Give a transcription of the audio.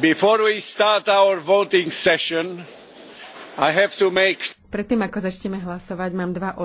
Before we start our voting session, I have to make... Predtým, ako začneme hlasovať, mám dva